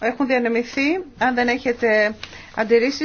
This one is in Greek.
έχουν διανεμηθεί. Αν δεν έχετε αντιρρήσει,